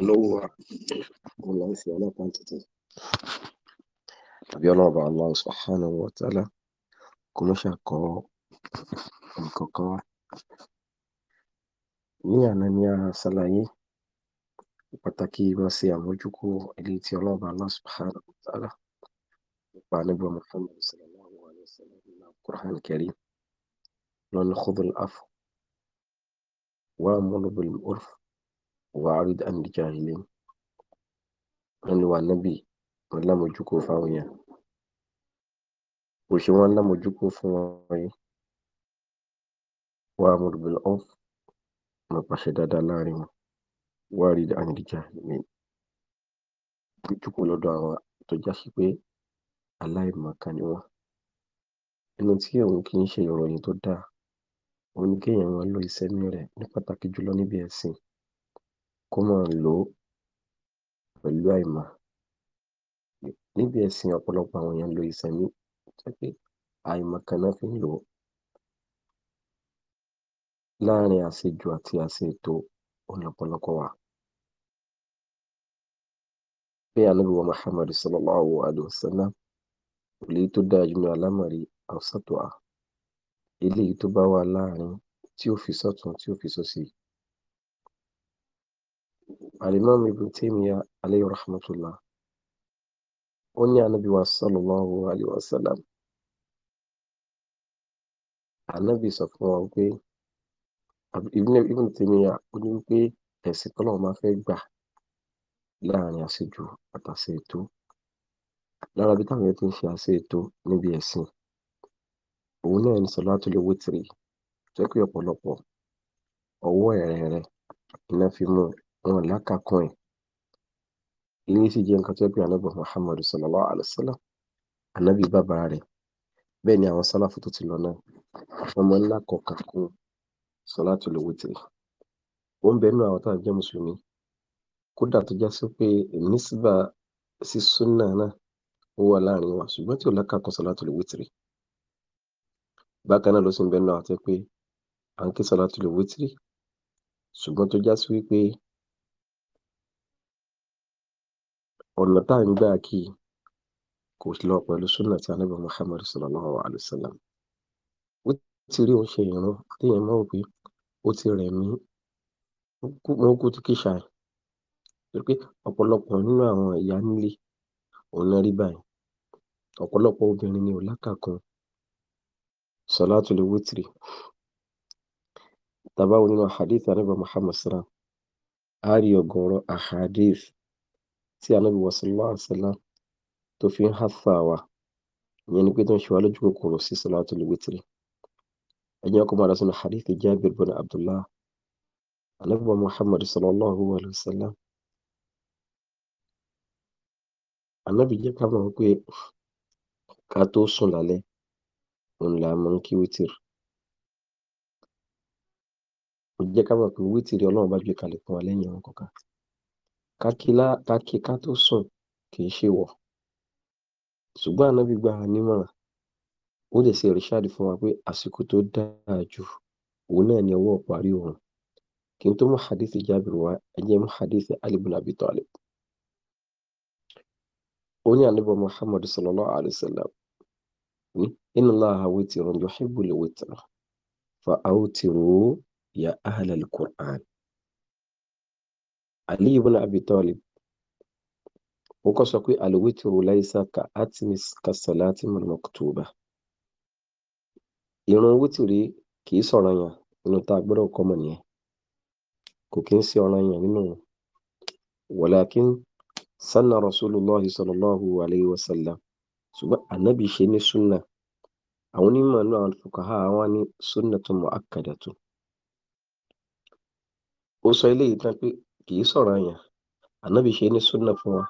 نوع والله في ولا كوانتيتي طب يلا بقى الله سبحانه وتعالى kò mọ́ ṣàkọ nǹkankan wá ní àná ni a ṣàlàyé pàtàkì máa ṣe àmójúkò eléyìí tí ọlọ́ọ̀bà Allah subhanahu wa ta'ala nípa nígbà Muhammad sallallahu alayhi wa sallam nínú Al-Qur'an al-Karim lọ́nà khudh al-'afwa wa'mur bil-'urf wàáríd àndìjà ilé wọn lè wà nábì wọn lámojúkò fáwọn èèyàn òṣè wọn lámojúkò fún wọn yìí wà mọdùbìlì ọf mọ pàṣẹ dáadáa láàrin wọn wàáríd àndìjà ilé jùkò lọ́dọ̀ àwọn tó já sí pé aláìmọ̀kan ni wọn inú tí òun kì í ṣe ìròyìn tó dáa òun ni kéèyàn máa lo ìsẹ̀mí rẹ̀ ní pàtàkì jùlọ níbi ẹ̀sìn kó máa lò ó pẹ̀lú àìmọ̀. Níbi ẹ̀sìn ọ̀pọ̀lọpọ̀ àwọn èèyàn ń lo ìsẹ̀mí tó jẹ́ pé àìmọ̀kan ná fi ń lò ó. Láàárín àsejù àti àsètò òhun lọ̀pọ̀lọpọ̀ Bí Ànábì wa Muhammad sallallahu alayhi wa sallam èléyìí tó dáa jù nínú àlámọ̀rí awsatuha eléyìí tó bá wà láàárín tí ó fi sọ́tùn tí ó fi sósì alimam ibn taymiya alayhi rahmatullah onye anabi wa sallallahu alayhi wa sallam anabi sọ fún wa pé ibn taymiya ó ní pé ẹ̀sìn tọ́lọ́run máa fẹ́ gbà láàrin àṣejù àtàṣe ètò lára bí táwọn ti ń ṣe àṣe ètò níbi wọn lákàkún ẹ̀ eléyìí sì jẹ́ nǹkan tó yẹ pé muhammadu sallallahu alayhi wa sallam anábì bàbá rẹ̀ bẹ́ẹ̀ ni àwọn sálàfù tó ti lọ náà wọ́n máa ń lákọ̀ọ́kà kún sọ̀látù lówítìrì ó ń bẹnu àwọn táwọn jẹ́ mùsùlùmí kódà tó já sí pé nísìbà sí súnà náà ó wà láàrin wa ṣùgbọ́n tí ò lákàkún sọ̀látù lówítìrì bákan náà ló sì ń bẹnu àwọn tó pé à ń kí sọ̀látù lówítìrì ṣùgbọ́n tó já sí wípé ọ̀nà tá à ń gbà kí i kò lọ pẹ̀lú súnà tí anábì Muhammad sallallahu alayhi wa sallam ó ti rí òun ṣe ìrun téèyàn máa ń pè ó ti rẹ̀ mí mo kú tí kì í ṣàì torí pé ọ̀pọ̀lọpọ̀ nínú àwọn ìyá nílé òun náà rí báyìí ọ̀pọ̀lọpọ̀ obìnrin ni ò lákàkún salatul witri tá a nínú hadith anábì Muhammad sallam a rí ọ̀gọ̀ọ̀rọ̀ tí ànábì wa sallallahu alaihi wasallam tó fi ń hàfà wa ìyẹn ni pé tó ń ṣe wá lójú kòkòrò sí salatul witri ẹ̀yin ọkọ̀ máa lọ sínú hadith Jabir bin Abdullah ànábì wa Muhammad sallallahu alaihi wasallam ànábì jẹ́ ká mọ̀ pé ká tó sùn lálẹ́ òun là máa ń kí wítìrì ó jẹ́ ká mọ̀ pé wítìrì Ọlọ́run bá gbé kalẹ̀ fún wa lẹ́yìn àwọn kọ̀ọ̀kan ká kí ká kí ká tó sùn kì í ṣe wọ̀ ṣùgbọ́n ànábì gbà wá nímọ̀ràn ó dẹ̀ ṣe ìrìṣàdì fún wa pé àsìkò tó dáa jù òun náà ni ọwọ́ ìparí oòrùn kí n tó mú hadithi jábìrì wá ẹ mú hadithi Ali ibn ó ní ànábì Muhammad sallallahu alayhi wa sallam ní inna Allaha witrun yuhibbul witra fa awtiru ya ahlal Qur'an. Ali ibn Abi Talib ó kọ́ sọ pé al-witru laysa ka atmis ka salati al-maktuba ìrun wítìrí kì í sọ̀rọ̀ yàn nínú tá a gbọ́dọ̀ kọ́ mọ̀ nìyẹn kò kí ń sí ọ̀rọ̀ yàn nínú walakin sanna rasulullahi sallallahu alayhi wa sallam ṣùgbọ́n ànábì ṣe ní sunna àwọn onímọ̀ náà àwọn fuqaha wọn ní sunnatun mu'akkadatun ó sọ eléyìí tán pé kì í sọ̀ranyàn ànábì ṣe ní súnà fún wa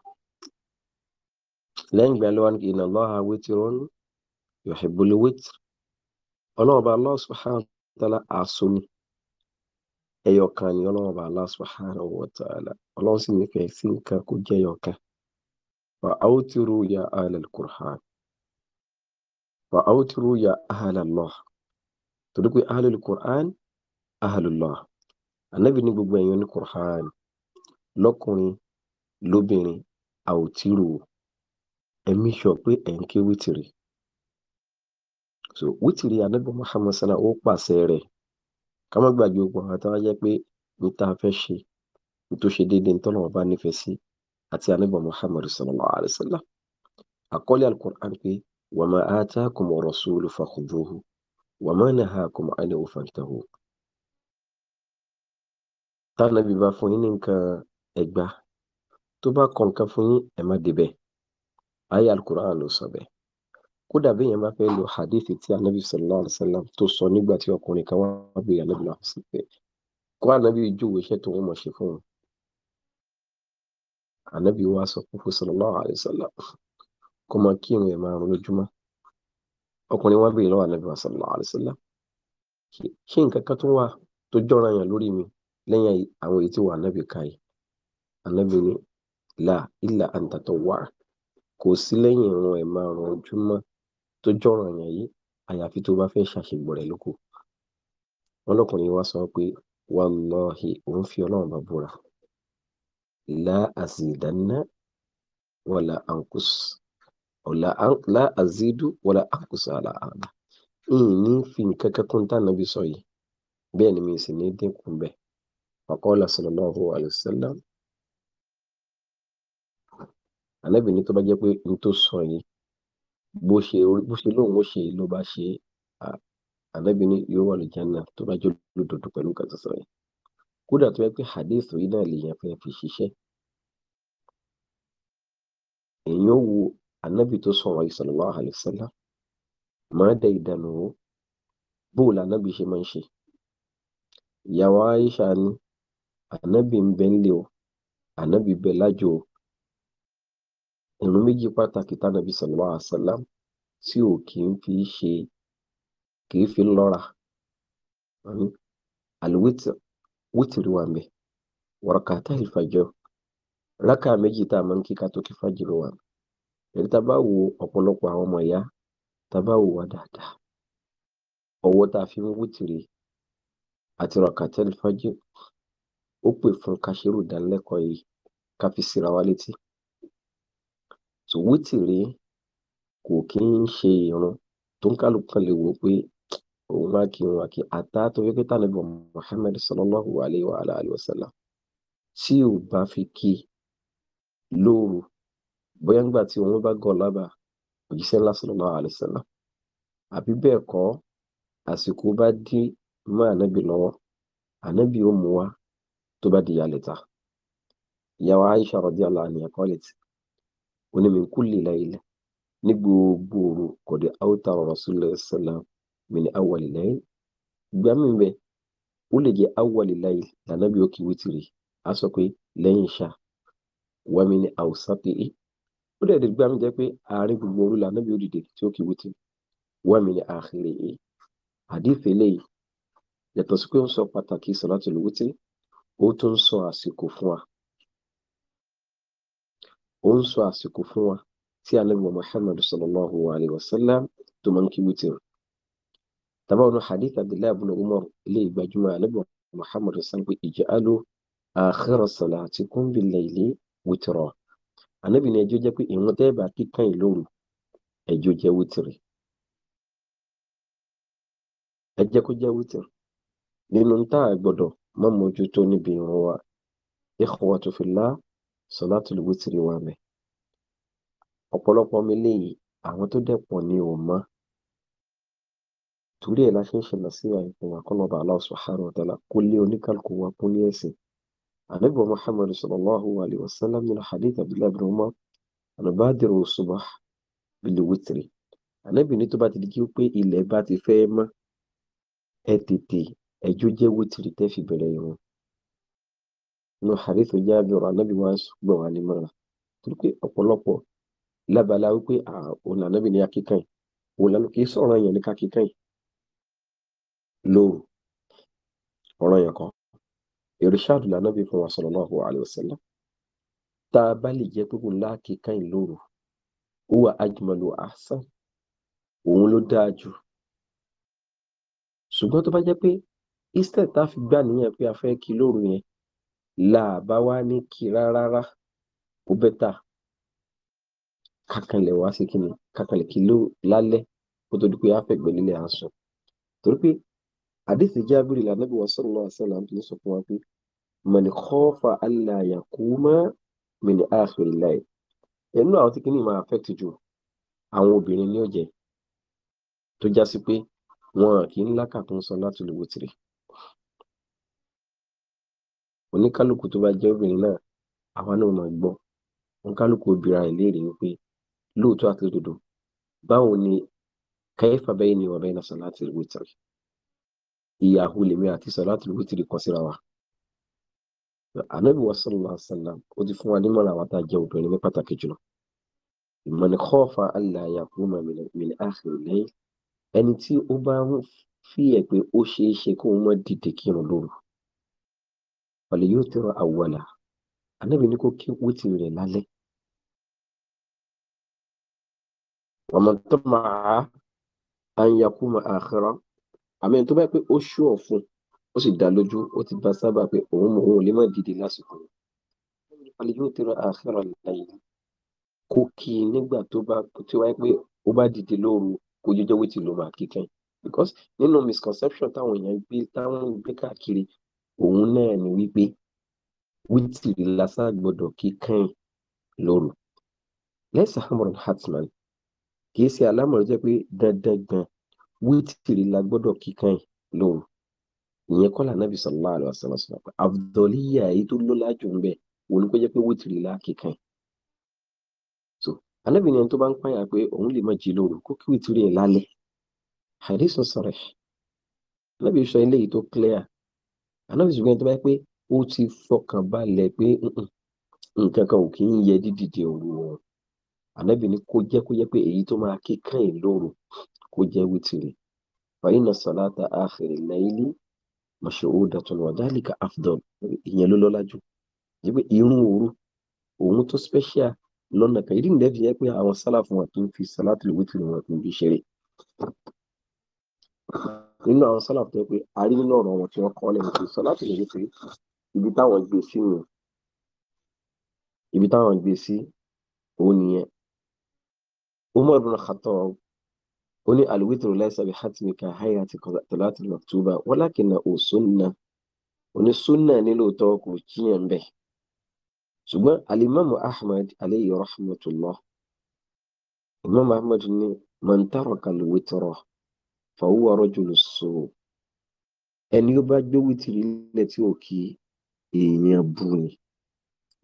lẹ́yìn ìgbà lọ́wọ́ inna Allaha witrun yuhibbul witr ọlọ́run ọba Allah subhanahu wa ta'ala àṣọ ni ẹyọkan ni ọlọ́run ọba Allah subhanahu wa ta'ala ọlọ́run sì nífẹ̀ẹ́ sí nǹkan kó jẹ́ ẹyọkan wa awtiru ya ahlal Qur'an wa awtiru ya ahlallah torí pé ahlul Qur'an ahlullah ànábì ní gbogbo ẹ̀yàn ní Qur'an lọ́kùnrin lóbìnrin a ò tí ì rò ó ẹ pé ẹ̀ ń ké wítìrì so wítìrì anábì muhammed sallam ó pàṣẹ rẹ̀ ká má gbàgbé ogun àwọn tó wá jẹ́ pé ní tá a fẹ́ ṣe ní tó ṣe déédéé ní tọ́lọ́wọ́n bá nífẹ̀ẹ́ sí àti anábì muhammed sallallahu alayhi wa sallam àkọ́lé alukur'an pé wàmà atakum rasulu fakhuduhu wàmà nahakum anhu fantahu tánàbí bá fún yín ní nǹkan ẹ gbà tó bá kọ nǹkan fún yín ẹ má débẹ̀ ayé alukur'an ló sọ bẹ́ẹ̀ kódà bí èèyàn bá fẹ́ lo hadith tí anabi sallallahu alayhi wa sallam tó sọ nígbà tí ọkùnrin kan wá bí anabi náà sí pé kó anabi júwèé iṣẹ́ tó wọ́n mọ̀ ṣe fún un anabi wa sọ fúnfún sallallahu alayhi wa sallam kó máa kí ìrìn ẹ̀ máa rún lójúmọ́ ọkùnrin wá bèèrè lọ́wọ́ anabi wa sallallahu alayhi wa sallam ṣé nǹkan kan tó wà tó jọra yàn lórí mi lẹ́yìn àwọn èyí tí wà anabi ká yìí ànábì ní là ilà àǹtàtọ̀wà kò sí lẹ́yìn ìrun ẹ̀ márùn-ún ojúmọ́ tó jọ̀ràn yàn yìí àyàfi tó bá fẹ́ ṣàṣegbọ̀rẹ̀ lóko wọn lọkùnrin wa sọ pé wàlọ́ọ̀hì òun fi ọlọ́run bá búra la azidanna wala ankus wala la azidu wala ankus ala ala ìní fi nǹkan kankan tá nàbí sọ yìí bẹ́ẹ̀ ni mi sì ní dínkù bẹ́ẹ̀ wàkọ́lá sallallahu alayhi wa Ànábì ní tó bá jẹ́ pé n tó sọ yìí bó ṣe bó ṣe lóun ó ṣe ló bá ṣe é Ànábì ní yóò wà ní Jannah tó bá jẹ́ olódodo pẹ̀lú nǹkan tó sọ yìí kódà tó yẹ pé hadith yìí náà lèèyàn fẹ́ fi ṣiṣẹ́ èèyàn ó wo Ànábì tó sọ̀rọ̀ yìí sallallahu alaihi wasallam máa dẹ ìdànù o bóòlù Ànábì ṣe máa ń ṣe ìyàwó Aisha ni Ànábì ń bẹ ńlé o Ànábì bẹ lájò o ọ̀nà méjì pàtàkì tánàbí sallallahu alaihi wasallam tí ò kì í fi ṣe kì í fi lọ́ra àlùwítìrì wà mẹ́ wàràkàtà ìfàjọ rákà méjì tá a máa ń kí ká tó kí fàjìrì wà mẹ́ èyí tá a bá wo ọ̀pọ̀lọpọ̀ àwọn ọmọ ìyá tá a bá wo wà dáadáa ọwọ́ tá a fi ń wítìrì àti ràkàtà ìfàjọ ó pè fún ká ṣerú yìí ká fi síra wa létí so wítìrì kò kí ń ṣe ìrun tó ń kálukú kan lè wò ó pé òun á kí òun á kí tó fi pé tànàbí Muhammad sallallahu alayhi wa alayhi wa sallam tí ò bá fi kí lóru bóyá nígbà tí òun bá gọ̀ lábà òjíṣẹ́ ńlá sallallahu alayhi wa sallam àbí bẹ́ẹ̀ kọ́ àsìkò bá dí mọ́ ànábì lọ́wọ́ ànábì ó mú wa tó bá di ìyálẹ̀ta ìyàwó Aisha radiyallahu anha qalat ní min kulli layl ní gbogbo òru kọ̀dé áwùtà rasulillah sallam min awwali layl ìgbà mi bẹ ó lè jẹ awwali layl lànà bí ó kì í wítìrì á sọ pé lẹ́yìn ṣá wà mí ní àwùsàpè é ó dẹ̀ dẹ̀ gbà mí jẹ́ pé gbogbo òru lànà bí ó dìde tí ó kì í wítìrì wà mí ní àkhírì yàtọ̀ sí pé ó ń sọ pàtàkì sọ̀látùl wítìrì ó tún ń sọ àsìkò fún wa ó ń sọ àsìkò fún wa tí alẹ́bùwà muhammadu sallallahu alayhi wa sallam tó máa ń kí wítìrì tàbá ọ̀nà hadith abdullahi ibn umar ilé ìgbàjúmọ̀ alẹ́bùwà muhammadu sallallahu alayhi wa sallam ij'alu akhira salatikum bil layli witra ànábì ní ẹjọ́ jẹ́ pé ìwọ̀n tẹ́ẹ̀bà kíkàn ìlóru ẹjọ́ jẹ́ wítìrì ẹ kó jẹ́ wítìrì nínú tá a gbọ́dọ̀ mọ́ mójútó níbi ìrun wa ikhwatu fillah sọ̀látùl wítìrì wà ńbẹ̀ ọ̀pọ̀lọpọ̀ ọmọ eléyìí àwọn tó dẹ̀ pọ̀ ni ò mọ̀ torí ẹ̀ la ṣe ń ṣe nàṣíhà fún wa kọ́lọ́ba Allah subhanahu wa ta'ala kó lé oníkálukú wa kún ní ẹ̀sìn ànábì Muhammad sallallahu alayhi wa sallam nínú hadith Abdullah ibn Umar alubadiru subah bil witri ànábì ní tó bá ti di pé ilẹ̀ bá ti fẹ́ mọ́ ẹ tètè ẹjọ́ jẹ́ wítìrì tẹ́ fi bẹ̀rẹ̀ ìrun inú hadithu Jabir anabi wa gbà wá ní mọ́ra torí pé ọ̀pọ̀lọpọ̀ lábala wípé òun lànàbì ní akíkàn òun lànà kì í sọ̀rọ̀ yẹn ní kakíkàn lóru ọ̀rọ̀ yẹn kan irishadu lànàbì fún wa sallallahu alaihi wasallam tá a bá lè jẹ́ pé kò lóru huwa ajmalu ahsan òun ló dáa jù ṣùgbọ́n tó bá jẹ́ pé instead tá a fi gbà níyẹn pé a fẹ́ kí lóru yẹn La bá wá ní kí rárá rá ó bẹ́tà kákanlẹ̀ wá sí kí ni kákanlẹ̀ kí ló lálẹ́ kó tó di pé àfẹ́gbẹ́ nílé à ń sùn torí pé àdéhùn jábìrì lànàbí wa sallallahu alaihi wasallam ń sọ fún wa pé man khafa alla yaquma min akhir al-layl ẹnu àwọn tí kìíní máa affect jù àwọn obìnrin ní ọ̀jẹ̀ tó já sí pé wọn kì í lákàtún sọ láti lè wò oníkálùkù tó bá jẹ́ obìnrin náà àwa náà ó máa gbọ́ oníkálùkù ó bira rẹ̀ léèrè wípé lóòótọ́ àti lódodo báwo ni kaifa bayni wa bayna salatil witr ìyàwó lèmi àti salatil witr kọ síra wa anabi wa sallallahu alaihi wasallam ó ti fún wa ní mọ̀nà àwọn tá a jẹ́ obìnrin ní pàtàkì jùlọ man khafa alla yaquma min akhir al-layl ẹni tí ó bá ń fìyà pé ó ṣeé ṣe kóun má dìde kírun lóru falyutir awwalaha ànábì ní kó kí wítìrì rẹ̀ lálẹ́ wa man tama'a an yakuma akhira àmì tó bá pé ó ṣú ọ̀fun ó sì dá lójú ó ti bá sábà pé òun mọ òun lè má dìde lásìkò falyutir akhira al-layl kó kí i nígbà tó bá tí wáyé pé ó bá dìde lóru kó jẹjẹ wítìrì ló máa kíkẹ́ because nínú misconception táwọn èèyàn gbé táwọn gbé káàkiri òun náà ni wípé wítìrì lásà gbọdọ̀ kí kẹ́yìn lóru lẹ́sà hamron hatman kìí ṣe alámọ̀rọ̀ jẹ́ pé dandan gan wítìrì la gbọdọ̀ kí kẹ́yìn lóru ìyẹn kọ́lá nàbì sallallahu alaihi wasallam sọ̀rọ̀ pé abdulliya èyí tó lọ́lá jù ń bẹ̀ òun ni jẹ́ pé wítìrì la kí kẹ́yìn so anábì ni ẹni tó bá ń pààyà pé òun lè má jí lóru kó kí wítìrì ẹ̀ lálẹ́ àdéhùn sọ̀rọ̀ anábì sọ eléyìí tó clear ànábì ṣùgbọ́n tó bá yẹ pé ó ti fọkàn balẹ̀ pé nǹkan kan ò kí ń yẹ dídìde òru wọn ànábì ní kó jẹ́ kó jẹ́ pé èyí tó máa kí kẹ́yìn lóru kó jẹ́ wítìrì fàyínà sàlátà àfẹ̀rẹ̀ láìlí mashhudatun wa dhalika afdal ìyẹn ló lọ́lá jù jẹ́ irun òru òun tó special lọ́nà kan ìdí nìyẹn fi jẹ́ pé àwọn sálàfù wọn kì í fi sàlátì wítìrì wọn kì í fi ṣeré nínú àwọn sálàfù tó yẹ pé a rí nínú ọ̀rọ̀ wọn tí wọ́n kọ́ lẹ́yìn pé sálàfù lè pé ibi táwọn gbé sí nìyẹn ibi táwọn gbé sí òun nìyẹn Umar bin Khattab ó ní alwitru laysa bi hatmika hayati tolati maktuba walakina o sunna oní sunna ní lóòótọ́ kò kíyàn bẹ́ẹ̀ ṣùgbọ́n alimamu Ahmad alayhi rahmatullah imam Ahmad ní man taraka fàwúwà rọ́jòlù sọ ẹni ó bá gbé wítìrì nílẹ̀ tí ò kí èèyàn bú ni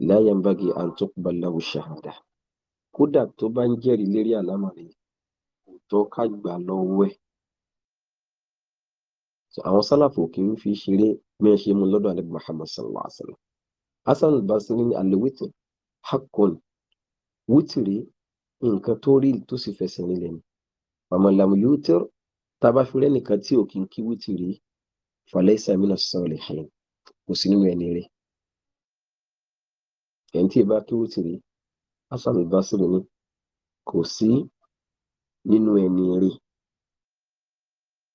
láyà ń bági àǹtọ́kùbáláwò ṣàhàdà kódà tó bá ń jẹ́rìí lérí àlámàrí kò tọ́ ká gbà lọ́wọ́ ẹ̀ àwọn sálàfò kì í fi ṣeré bí wọ́n ṣe mú lọ́dọ̀ alẹ́ Muhammad sallallahu alaihi wa sallam hasan al-basri ní alewitr hakon wítìrì nǹkan tó rí tó sì fẹsẹ̀ nílẹ̀ ni màmá lamu yóò tá a bá fi rẹ́nìkan tí ò kí ń kí wítìrì falaysa mina salihin kò sí nínú ẹni rẹ̀ ẹni tí ì bá kí wítìrì Hasan al-Basri ni kò sí nínú ẹni rẹ̀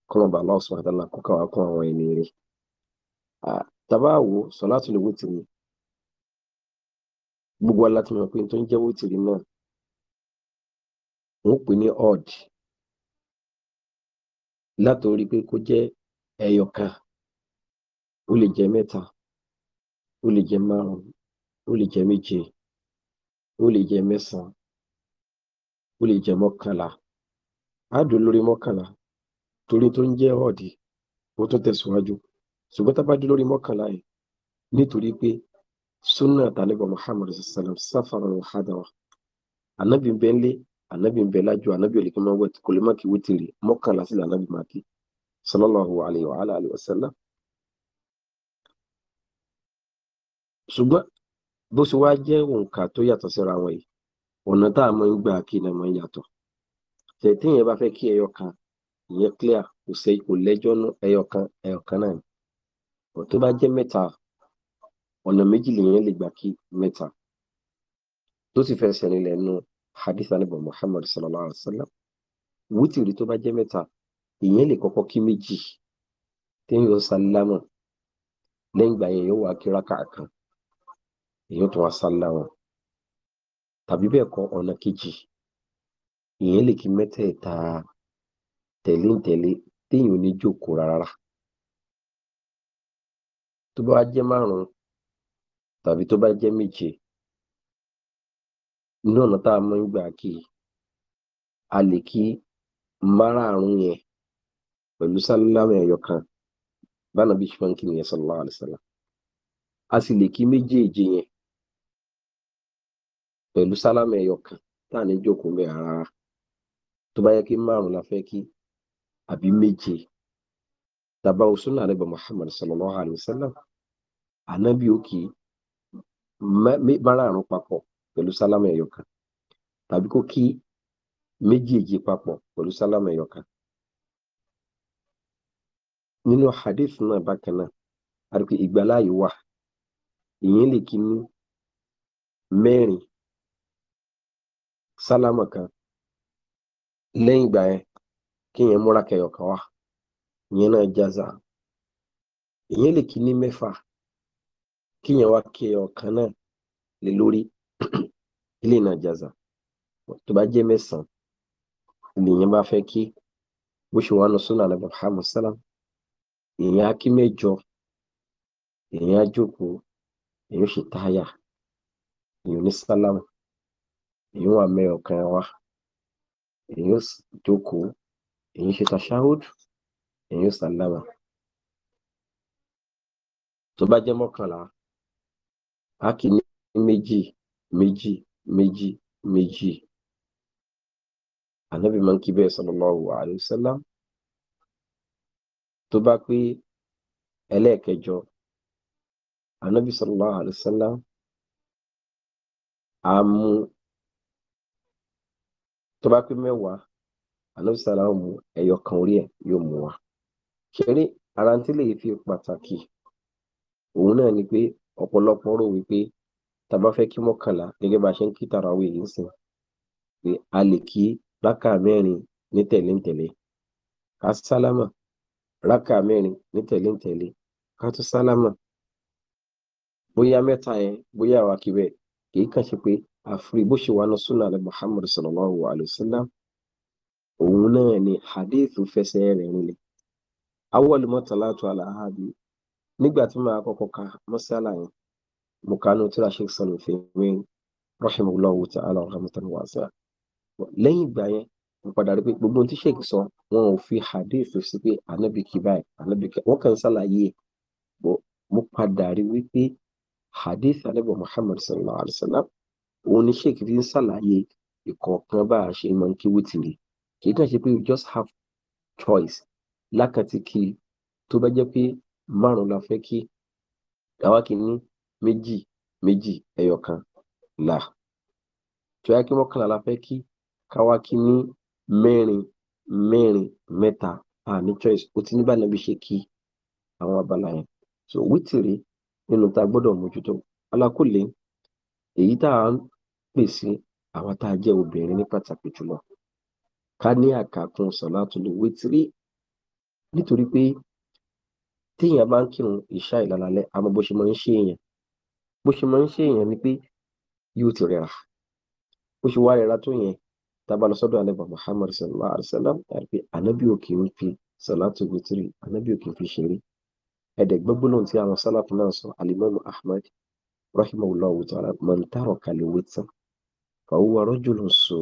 kọ́nọ̀bà Allah subhanahu wa ta'ala kó káwá kún àwọn ẹni rẹ̀ tabawo salatul witri gbogbo aláti mọ̀ pé tó ń jẹ́ wítìrì náà wọ́n pè ní odd látòrí pé kó jẹ́ ẹyọ kan ó lè jẹ́ mẹ́ta ó lè jẹ́ márùn-ún ó lè jẹ́ méje ó lè jẹ́ mẹ́sàn-án ó lè jẹ́ mọ́kànlá á lórí mọ́kànlá torí tó ń jẹ́ ọ̀dì ó tún tẹ̀síwájú ṣùgbọ́n tá a bá dùn lórí mọ́kànlá yìí nítorí pé sunna tàlẹ́bọ̀ Muhammad sallam sáfàrà ọ̀hádà wa ànábì bẹ́ńlẹ̀ anabi ń bẹ lájọ anabi ò lè kí máa wẹ̀ kò lè má kí wítìrì mọ́kànlá sí anabi máa kí sallallahu alayhi wa alayhi wa sallam. ṣùgbọ́n bó ṣe wá jẹ́ òǹkà tó yàtọ̀ síra wọn yìí ọ̀nà tá a máa ń gbà kí ni máa ń yàtọ̀ tẹ̀tẹ̀ yẹn bá fẹ́ kí ẹyọ kan ìyẹn clear kò ṣe kò lẹ́jọ́ nú ẹyọ kan ẹyọ kan náà ni tó bá jẹ́ mẹ́ta ọ̀nà méjì hadith anabi muhammad sallallahu alaihi wa sallam wítìrì tó bá jẹ́ mẹ́ta ìyẹn lè kọ́kọ́ kí méjì téèyàn ó sálámà lẹ́yìn ìgbà yẹn yóò wá kíra kàkan èyàn tó wá sálámà tàbí bẹ́ẹ̀ kọ́ ọ̀nà kejì ìyẹn lè kí mẹ́tẹ̀ẹ̀ta tẹ̀léǹtẹ̀lé téèyàn ò ní jókòó rárá tó bá jẹ́ márùn tàbí tó bá jẹ́ méje ní ọ̀nà tá a máa ń kí a lè kí márààrún yẹn pẹ̀lú sálámù ẹ̀yọ kan bánàbí ṣe máa kí nìyẹn sallallahu alaihi wasallam a sì lè kí méjèèje yẹn pẹ̀lú sálámù ẹ̀yọ kan tá ní jókòó mẹ́ ara tó bá yẹ kí márùn la fẹ́ kí àbí méje tàbá pẹ̀lú sálámà ẹ̀yọ̀kan tàbí kó kí méjèèjì papọ̀ pẹ̀lú sálámà ẹ̀yọ̀kan. nínú hadith náà bákan náà a rí pé ìgbàláyè wà ìyẹn lè kí ní mẹ́rin sálámà kan lẹ́yìn ìgbà yẹn kí yẹn múra kẹyọ̀kan wá ìyẹn náà jáza ìyẹn lè kí ní mẹ́fà kí yẹn wá kẹyọ̀kan náà lè lórí eléyìí náà jaza tó bá jẹ́ mẹ́sàn-án lèèyàn bá fẹ́ kí bó ṣe wà nù súnà nàbà Muhammad sallam èèyàn á kí mẹ́jọ èèyàn á jókòó èèyàn ó ṣe táyà èèyàn ní sálámù èèyàn wà mẹ́ọ̀ kan wá èèyàn ó jókòó èèyàn ṣe tàṣáhùdù èèyàn ó sálámù tó bá jẹ́ mọ́kànlá á kí ní méjì méjì méjì méjì ànábì máa ń kí bẹ́ẹ̀ sallallahu alaihi wasallam tó bá pé ẹlẹ́ẹ̀kẹjọ ànábì sallallahu alaihi wasallam á mú tó bá pé mẹ́wàá ànábì sallallahu mú ẹyọ kan orí ẹ̀ yóò mú wa ṣeré ara ń tí lè fi pàtàkì òun náà ni pé ọ̀pọ̀lọpọ̀ rò wípé tá a bá fẹ́ kí mọ́kànlá gẹ́gẹ́ bá a ṣe ń kí tarawih yìí sìn pé a lè kí rákà mẹ́rin ní tẹ̀léǹtẹ̀lé ká sálámà rákà mẹ́rin ní tẹ̀léǹtẹ̀lé ká tún sálámà bóyá mẹ́ta yẹn bóyá àwa kí bẹ́ẹ̀ kàn ṣe pé àfúrí bó ṣe wà ní ni hadith tó nígbà mùkánú tíra Sheikh Salih Uthaymin rahimahullahu ta'ala rahmatan wasi'a lẹ́yìn ìgbà yẹn mo padà rí pé gbogbo ohun tí sheik sọ wọn ò fi hadith sí pé anabi kibai anabi kibai wọn kàn ṣàlàyé mo padà rí wípé hadith anabi muhammad sallallahu alaihi wa sallam òun ni sheik fi ń ṣàlàyé ìkọ̀ọ̀kan bá a ṣe máa ń kí wítìrì kì í kàn ṣe pé you just have choice lákàtí kí tó bá jẹ́ pé márùn la fẹ́ kí àwa kì í ní méjì méjì ẹyọ kan là tí ó yá kí mọ́kànlá la fẹ́ kí ká wá kí ní mẹ́rin mẹ́rin mẹ́ta a ní choice ó ti ní báyìí náà ṣe kí àwọn abala yẹn so wítìrì nínú tá a gbọ́dọ̀ mójútó alákòlè èyí tá a ń pèsè àwọn tá a jẹ́ obìnrin ní pàtàkì jùlọ ká ní àkàkùn sọ̀látùlù wítìrì nítorí pé téèyàn bá ń kírun ìṣá ìlàlálẹ́ àmọ́ bó ṣe máa ń ṣe èèyàn bó ṣe máa ń ṣèyàn ni pé yóò ti rẹra bó ṣe wá rẹra tó yẹn tábà lọ sọ́dọ̀ alẹ́ bàbá Muhammad sallallahu alayhi wa sallam àti anabi òkè ń fi salatu witiri anabi òkè ń fi ṣeré ẹ̀ẹ́dẹ̀gbẹ́ gbólóhùn tí àwọn sálàfù náà sọ alimami Ahmad rahimahullahu ta'ala man taraka li witra fa huwa rajulun su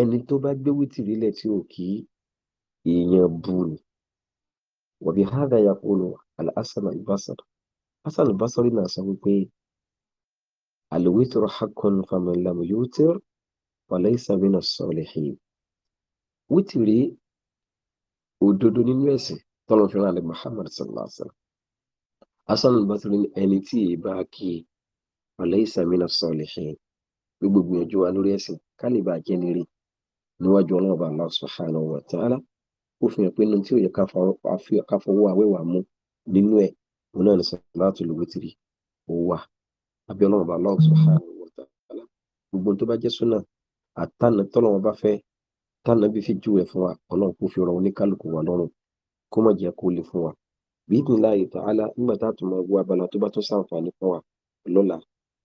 ẹni tó bá gbé wítìrì lẹ̀ tí ò kí èèyàn bú ni wa bi hadha yaqulu al-Hasan al hasan basori náà sọ wípé alwitru haqqun faman lam yutir falaysa mina salihin wítìrí òdodo nínú ẹ̀sìn tọ́lọ́ fi ránlẹ̀ muhammad sallallahu alaihi wasallam hasan basori ní ẹni tí ì bá kí falaysa mina salihin gbogbo gbìyànjú wa lórí ẹ̀sìn ká lè bá jẹ́ nírí níwájú ọlọ́run bá Allah subhanahu wa ta'ala ó fi hàn pé inú tí ò yẹ ká fọwọ́ àwẹ̀wà mú nínú ẹ̀ òun náà ní sọláàtù lùwítìrì ó wà àbí ọlọ́run bá lọ́ọ̀ subhanahu wa ta'ala gbogbo tó bá jẹ́ súnà àtànà tọ́lọ́wọ́n bá fẹ́ tànà bí fi júwe fún wa ọlọ́run kò fi rọ oníkálukú wa lọ́rùn kó má jẹ́ kó le fún wa bi'idhnillahi ta'ala nígbà tá a tún máa wo abala tó bá tó sàǹfààní fún wa lọ́la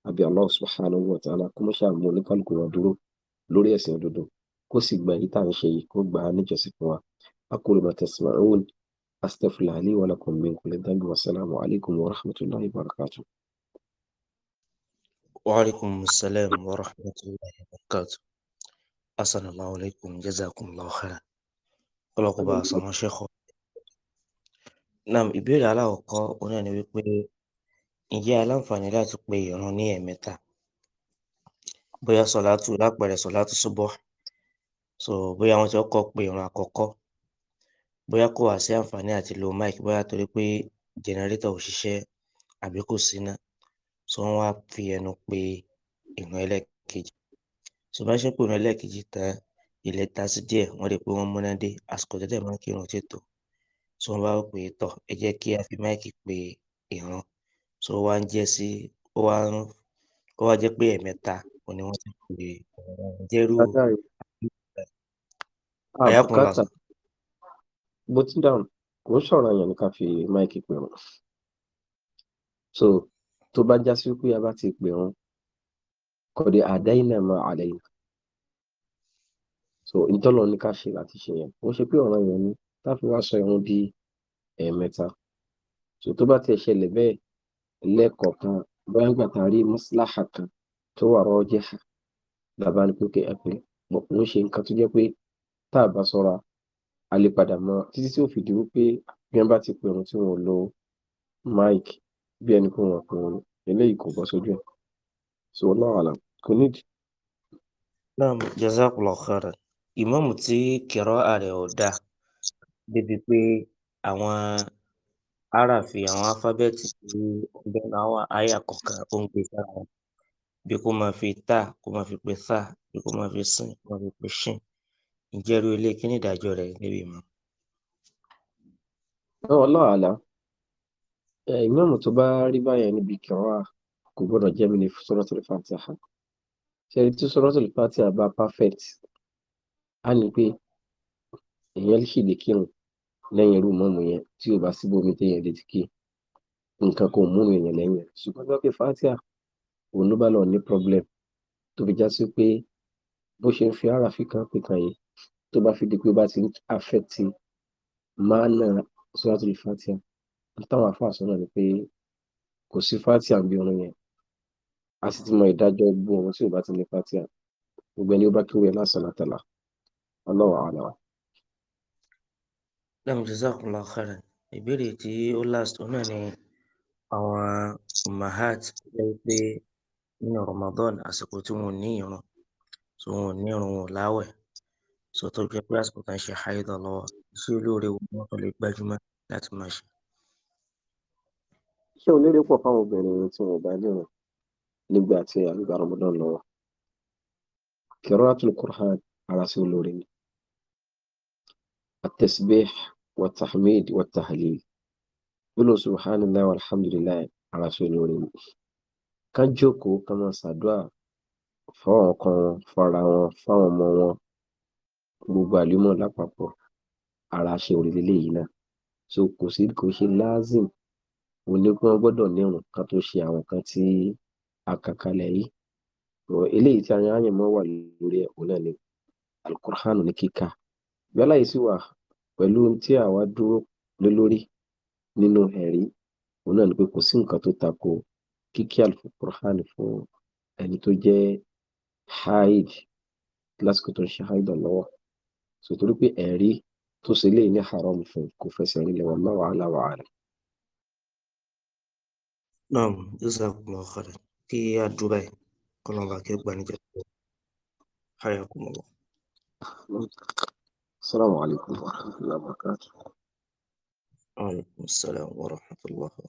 àbí Allah subhanahu wa ta'ala kó mọ́ ṣàmú oníkálukú wa dúró lórí ẹ̀sìn òdodo kó sì gba èyí tá à ń ṣe yìí kó gbà á níjọsìn fún wa aqulu ma tasma'un أستغفر لي ولكم من كل ذنب والسلام عليكم ورحمة الله وبركاته وعليكم السلام ورحمة الله وبركاته أسأل الله عليكم جزاكم الله خيرا ọlọ́kọ̀ bá aṣọ àwọn ṣẹ́kọ̀ nam ìbéèrè aláwọ̀kọ́ oní ẹni wípé ǹjẹ́ aláǹfààní láti pe ìran ní ẹ̀mẹ́ta bóyá sọ̀látù lápẹẹrẹ sọ̀látù súbọ̀ so bóyá wọ́n ti kọ́ pe ìran àkọ́kọ́ bóyá kò wá sí àǹfààní àti lo mic bóyá torí pé generator ò ṣiṣẹ́ àbí kò síná so wọ́n wá fi ẹnu pe ìran ẹlẹ́ẹ̀kejì so bá ṣe pé ìran ẹlẹ́ẹ̀kejì tán ilẹ̀ ta sí díẹ̀ wọ́n rí i pé wọ́n múná dé àsìkò tẹ́tẹ̀ máa ń kírun tí tó so wọ́n bá rò pé tọ̀ ẹ jẹ́ kí a fi máìkì pe ìran so wá ń jẹ́ sí ó wá ń ó wá jẹ́ pé ẹ̀mẹ́ta kò ní ti pè é jẹ́rú àyàkùn lásán button-down kò ń ṣọ̀ràn yẹn ní ká fi máìkì pèrún so tó bá já sí pé a bá ti pèrún kọ̀dé àdáyìnà máa àdáyìnà so ìtọ́lọ̀ ní ká ṣe láti ṣe yẹn wọ́n ṣe pé ọ̀ràn yẹn ni láti wá sọ ìrun di ẹ̀ẹ̀mẹ́ta so tó bá ti ṣẹlẹ̀ bẹ́ẹ̀ lẹ́ẹ̀kọ̀ọ̀kan bóyá ń gbà tá a rí mọ́síláhà kan tó wà rọ́ọ́jẹ́hà bàbá ní pé kí ẹ pé wọ́n ṣe nǹkan tó jẹ́ pé tá a bá sọ́ra a lè padà mọ títí tí ó fi di wípé bí wọn bá ti pe òun tí wọn ò lo mic bí ẹni pé wọn pe òun eléyìí kò bọ́ sójú ẹ̀ so Allahu alam kò nídìí. naam jazakallahu khairan ìmáàmù tí kẹrọ ààrẹ ò dáa débi pé àwọn aráàfin àwọn alifábẹ́ẹ̀tì tí ọgbẹ́ àwọn àyà kọ̀ọ̀kan ó ń gbé sára wọn bí kò máa fi tá kò máa fi pe sá bí kò máa fi sìn kò máa fi pe ṣìn ǹjẹ́ irú ilé kí ni ìdájọ́ rẹ̀ níbi ìmọ̀. Wallahu a'lam ìmáàmù tó bá rí báyẹn níbi kẹwàá kò gbọ́dọ̀ jẹ́ mi ní Suratul Fatiha ṣẹ́ni tí Suratul Fatiha bá perfect á ní pé èèyàn sì lè kírun lẹ́yìn irú mọ́mù yẹn tí ò bá síbòmí téèyàn lè ti kí nǹkan kò múnú èèyàn lẹ́yìn rẹ̀ ṣùgbọ́n tó pé Fatiha òun ló bá lọ ní problem tó fi já sí pé bó ṣe ń fi ara fi kan pé kan yìí tó bá fi di pé ó bá ti ń afẹ́tì máa nà suratul Fatiha táwọn àfáà sọ náà ni pé kò sí Fatiha bí orin yẹn a sì ti mọ ìdájọ́ gbogbo ọ̀rọ̀ tí ò bá ti ní Fatiha gbogbo ẹni ó bá kéwé lásán látàlá ọlọ́run àná wa. lẹ́mu jazakumullahu khairan ìbéèrè tí ó last ọ̀nà ni àwọn mahat jẹ́ pé nínú Ramadan àsìkò tí wọ́n ní ìrun tí wọ́n ní ìrun láwẹ̀ So tó jẹ́ pé àsìkò tá ń ṣe háídọ̀ lọ́wọ́, ṣé olóore wo ni wọ́n tún lè gbájúmọ́ láti máa ṣe? Ṣé olóore pọ̀ fáwọn obìnrin tí wọ́n bá dìrun nígbà tí àgbà Ramadan lọ́wọ́? Qira'atul Qur'an ara sí olóore ni. At-tasbih wa tahmid subhanallah walhamdulillah ara sí olóore ni. Ká jókòó ká máa ṣàdúrà wọn, fára wọn, fáwọn ọmọ wọn, gbogbo àlùmọ̀ lápapọ̀ ara iṣẹ́ oore leléyìí náà so kò sí kò ṣe lazim òun ni pé wọ́n gbọ́dọ̀ nírun kán tó ṣe àwọn nǹkan tí a kà kalẹ̀ yìí eléyìí tí ayánmọ́ wà lórí ẹ̀ náà ni alukur'an ní kíkà yálà yìí sì wà pẹ̀lú tí àwa dúró lé lórí nínú ẹ̀rí òun náà ni pé kò sí nǹkan tó tako kíkí alukur'an fún ẹni tó jẹ́ haid lásìkò tó ń ṣe haid lọ́wọ́ sòtòrí pé ẹ̀rí tó ṣe léyìí ní haram fún kò fẹsẹ̀ rí lẹ́wọ̀n náà wàhálà wàhálà. naam jazakumullahu khairan kí a dúró báyìí kọlọmọba kí ẹ gbà níjà tó hayakumullah. السلام عليكم ورحمة الله وبركاته وعليكم السلام ورحمة الله وبركاته